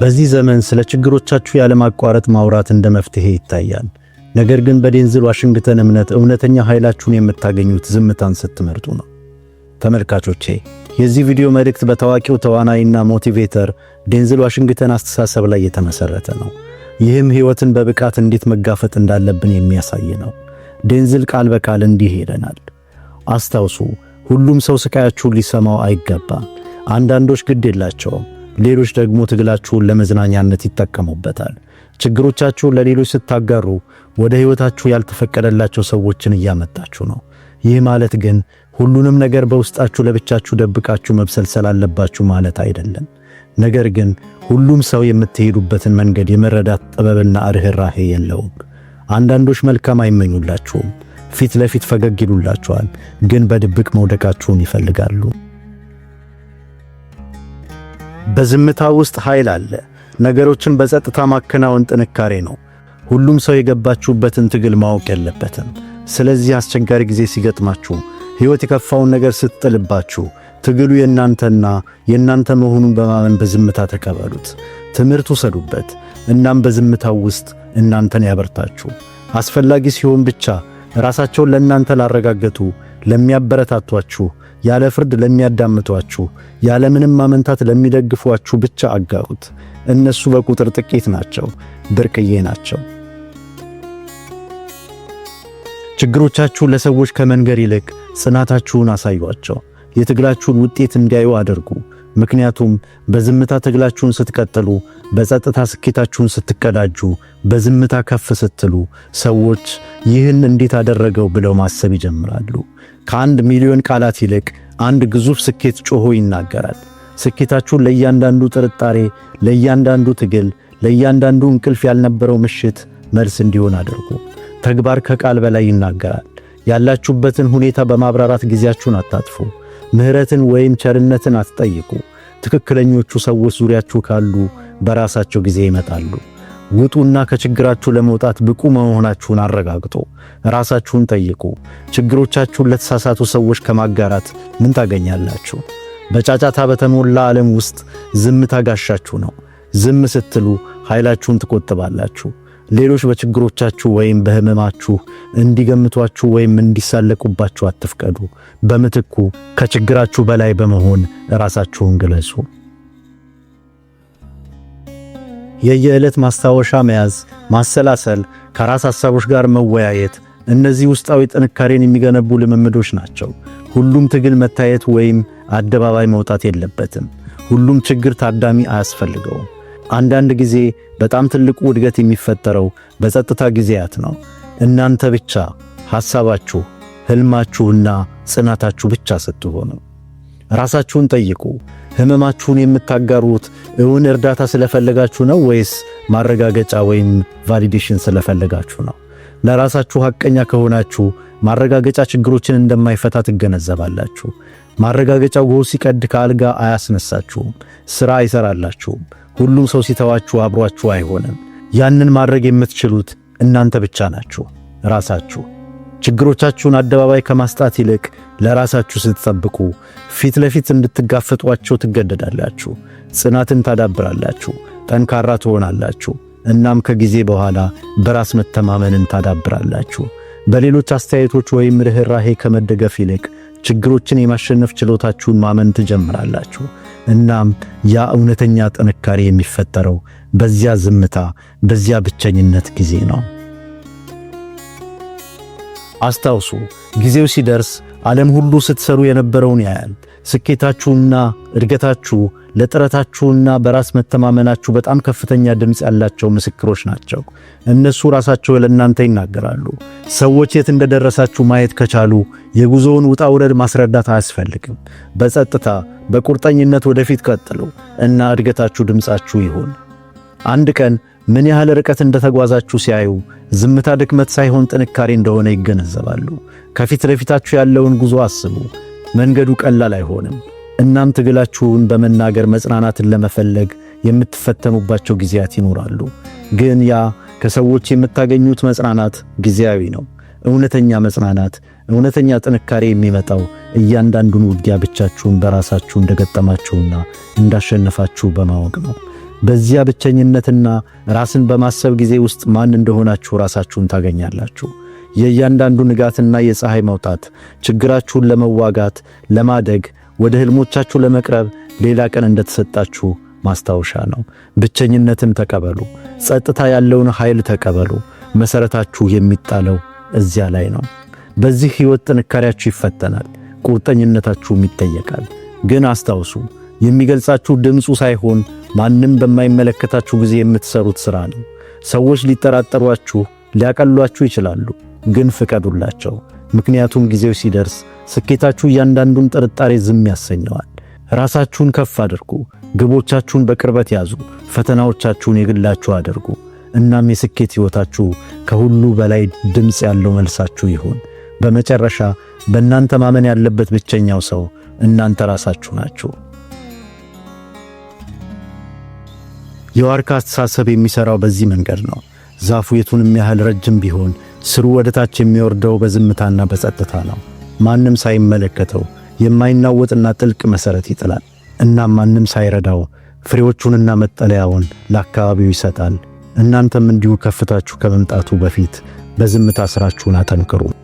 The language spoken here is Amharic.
በዚህ ዘመን ስለ ችግሮቻችሁ ያለማቋረጥ ማውራት እንደ መፍትሄ ይታያል። ነገር ግን በዴንዝል ዋሽንግተን እምነት እውነተኛ ኃይላችሁን የምታገኙት ዝምታን ስትመርጡ ነው። ተመልካቾቼ የዚህ ቪዲዮ መልእክት በታዋቂው ተዋናይና ሞቲቬተር ዴንዝል ዋሽንግተን አስተሳሰብ ላይ የተመሰረተ ነው። ይህም ሕይወትን በብቃት እንዴት መጋፈጥ እንዳለብን የሚያሳይ ነው። ዴንዝል ቃል በቃል እንዲህ ይለናል። አስታውሱ፣ ሁሉም ሰው ስቃያችሁን ሊሰማው አይገባም። አንዳንዶች ግድ የላቸውም ሌሎች ደግሞ ትግላችሁን ለመዝናኛነት ይጠቀሙበታል። ችግሮቻችሁን ለሌሎች ስታጋሩ ወደ ሕይወታችሁ ያልተፈቀደላቸው ሰዎችን እያመጣችሁ ነው። ይህ ማለት ግን ሁሉንም ነገር በውስጣችሁ ለብቻችሁ ደብቃችሁ መብሰልሰል አለባችሁ ማለት አይደለም። ነገር ግን ሁሉም ሰው የምትሄዱበትን መንገድ የመረዳት ጥበብና ርኅራኄ የለውም። አንዳንዶች መልካም አይመኙላችሁም፣ ፊት ለፊት ፈገግ ይሉላችኋል፣ ግን በድብቅ መውደቃችሁን ይፈልጋሉ። በዝምታ ውስጥ ኃይል አለ። ነገሮችን በጸጥታ ማከናወን ጥንካሬ ነው። ሁሉም ሰው የገባችሁበትን ትግል ማወቅ የለበትም። ስለዚህ አስቸጋሪ ጊዜ ሲገጥማችሁ፣ ሕይወት የከፋውን ነገር ስትጥልባችሁ፣ ትግሉ የእናንተና የእናንተ መሆኑን በማመን በዝምታ ተቀበሉት። ትምህርት ውሰዱበት። እናም በዝምታው ውስጥ እናንተን ያበርታችሁ። አስፈላጊ ሲሆን ብቻ ራሳቸውን ለእናንተ ላረጋገጡ ለሚያበረታቷችሁ፣ ያለ ፍርድ ለሚያዳምጧችሁ፣ ያለ ምንም ማመንታት ለሚደግፏችሁ ብቻ አጋሩት። እነሱ በቁጥር ጥቂት ናቸው፣ ብርቅዬ ናቸው። ችግሮቻችሁን ለሰዎች ከመንገር ይልቅ ጽናታችሁን አሳዩአቸው። የትግላችሁን ውጤት እንዲያዩ አድርጉ። ምክንያቱም በዝምታ ትግላችሁን ስትቀጥሉ፣ በጸጥታ ስኬታችሁን ስትቀዳጁ፣ በዝምታ ከፍ ስትሉ ሰዎች ይህን እንዴት አደረገው ብለው ማሰብ ይጀምራሉ። ከአንድ ሚሊዮን ቃላት ይልቅ አንድ ግዙፍ ስኬት ጮሆ ይናገራል። ስኬታችሁ ለእያንዳንዱ ጥርጣሬ፣ ለእያንዳንዱ ትግል፣ ለእያንዳንዱ እንቅልፍ ያልነበረው ምሽት መልስ እንዲሆን አድርጉ። ተግባር ከቃል በላይ ይናገራል። ያላችሁበትን ሁኔታ በማብራራት ጊዜያችሁን አታጥፉ። ምሕረትን ወይም ቸርነትን አትጠይቁ። ትክክለኞቹ ሰዎች ዙሪያችሁ ካሉ በራሳቸው ጊዜ ይመጣሉ። ውጡና ከችግራችሁ ለመውጣት ብቁ መሆናችሁን አረጋግጡ። ራሳችሁን ጠይቁ። ችግሮቻችሁን ለተሳሳቱ ሰዎች ከማጋራት ምን ታገኛላችሁ? በጫጫታ በተሞላ ዓለም ውስጥ ዝምታ ጋሻችሁ ነው። ዝም ስትሉ ኃይላችሁን ትቆጥባላችሁ። ሌሎች በችግሮቻችሁ ወይም በህመማችሁ እንዲገምቷችሁ ወይም እንዲሳለቁባችሁ አትፍቀዱ። በምትኩ ከችግራችሁ በላይ በመሆን ራሳችሁን ግለጹ። የየዕለት ማስታወሻ መያዝ፣ ማሰላሰል፣ ከራስ ሐሳቦች ጋር መወያየት፣ እነዚህ ውስጣዊ ጥንካሬን የሚገነቡ ልምምዶች ናቸው። ሁሉም ትግል መታየት ወይም አደባባይ መውጣት የለበትም። ሁሉም ችግር ታዳሚ አያስፈልገውም። አንዳንድ ጊዜ በጣም ትልቁ እድገት የሚፈጠረው በጸጥታ ጊዜያት ነው። እናንተ ብቻ ሐሳባችሁ፣ ሕልማችሁና ጽናታችሁ ብቻ ስትሆኑ ራሳችሁን ጠይቁ። ህመማችሁን የምታጋሩት እውን እርዳታ ስለፈለጋችሁ ነው ወይስ ማረጋገጫ ወይም ቫሊዴሽን ስለፈለጋችሁ ነው? ለራሳችሁ ሐቀኛ ከሆናችሁ ማረጋገጫ ችግሮችን እንደማይፈታ ትገነዘባላችሁ። ማረጋገጫው ጎህ ሲቀድ ከአልጋ አያስነሳችሁም፣ ሥራ አይሠራላችሁም። ሁሉም ሰው ሲተዋችሁ አብሯችሁ አይሆንም። ያንን ማድረግ የምትችሉት እናንተ ብቻ ናችሁ፣ ራሳችሁ ችግሮቻችሁን አደባባይ ከማስጣት ይልቅ ለራሳችሁ ስትጠብቁ ፊት ለፊት እንድትጋፈጧቸው ትገደዳላችሁ። ጽናትን ታዳብራላችሁ፣ ጠንካራ ትሆናላችሁ። እናም ከጊዜ በኋላ በራስ መተማመንን ታዳብራላችሁ። በሌሎች አስተያየቶች ወይም ርኅራሄ ከመደገፍ ይልቅ ችግሮችን የማሸነፍ ችሎታችሁን ማመን ትጀምራላችሁ። እናም ያ እውነተኛ ጥንካሬ የሚፈጠረው በዚያ ዝምታ፣ በዚያ ብቸኝነት ጊዜ ነው። አስታውሱ፣ ጊዜው ሲደርስ ዓለም ሁሉ ስትሰሩ የነበረውን ያያል። ስኬታችሁና እድገታችሁ ለጥረታችሁና በራስ መተማመናችሁ በጣም ከፍተኛ ድምፅ ያላቸው ምስክሮች ናቸው። እነሱ ራሳቸው ለእናንተ ይናገራሉ። ሰዎች የት እንደደረሳችሁ ማየት ከቻሉ የጉዞውን ውጣ ውረድ ማስረዳት አያስፈልግም። በጸጥታ በቁርጠኝነት ወደፊት ቀጥሉ እና እድገታችሁ ድምፃችሁ ይሁን። አንድ ቀን ምን ያህል ርቀት እንደተጓዛችሁ ሲያዩ ዝምታ ድክመት ሳይሆን ጥንካሬ እንደሆነ ይገነዘባሉ። ከፊት ለፊታችሁ ያለውን ጉዞ አስቡ። መንገዱ ቀላል አይሆንም። እናም ትግላችሁን በመናገር መጽናናትን ለመፈለግ የምትፈተኑባቸው ጊዜያት ይኖራሉ። ግን ያ ከሰዎች የምታገኙት መጽናናት ጊዜያዊ ነው። እውነተኛ መጽናናት፣ እውነተኛ ጥንካሬ የሚመጣው እያንዳንዱን ውጊያ ብቻችሁን በራሳችሁ እንደገጠማችሁና እንዳሸነፋችሁ በማወቅ ነው። በዚያ ብቸኝነትና ራስን በማሰብ ጊዜ ውስጥ ማን እንደሆናችሁ ራሳችሁን ታገኛላችሁ። የእያንዳንዱ ንጋትና የፀሐይ መውጣት ችግራችሁን ለመዋጋት ለማደግ፣ ወደ ህልሞቻችሁ ለመቅረብ ሌላ ቀን እንደተሰጣችሁ ማስታወሻ ነው። ብቸኝነትም ተቀበሉ። ጸጥታ ያለውን ኃይል ተቀበሉ። መሰረታችሁ የሚጣለው እዚያ ላይ ነው። በዚህ ህይወት ጥንካሬያችሁ ይፈተናል፣ ቁርጠኝነታችሁም ይጠየቃል። ግን አስታውሱ የሚገልጻችሁ ድምፁ ሳይሆን ማንም በማይመለከታችሁ ጊዜ የምትሰሩት ሥራ ነው። ሰዎች ሊጠራጠሯችሁ፣ ሊያቀሏችሁ ይችላሉ፣ ግን ፍቀዱላቸው። ምክንያቱም ጊዜው ሲደርስ ስኬታችሁ እያንዳንዱን ጥርጣሬ ዝም ያሰኘዋል። ራሳችሁን ከፍ አድርጉ። ግቦቻችሁን በቅርበት ያዙ። ፈተናዎቻችሁን የግላችሁ አድርጉ። እናም የስኬት ሕይወታችሁ ከሁሉ በላይ ድምፅ ያለው መልሳችሁ ይሁን። በመጨረሻ በእናንተ ማመን ያለበት ብቸኛው ሰው እናንተ ራሳችሁ ናችሁ። የዋርካ አስተሳሰብ የሚሠራው በዚህ መንገድ ነው። ዛፉ የቱንም ያህል ረጅም ቢሆን ስሩ ወደ ታች የሚወርደው በዝምታና በጸጥታ ነው። ማንም ሳይመለከተው የማይናወጥና ጥልቅ መሠረት ይጥላል። እናም ማንም ሳይረዳው ፍሬዎቹንና መጠለያውን ለአካባቢው ይሰጣል። እናንተም እንዲሁ ከፍታችሁ ከመምጣቱ በፊት በዝምታ ሥራችሁን አጠንክሩ።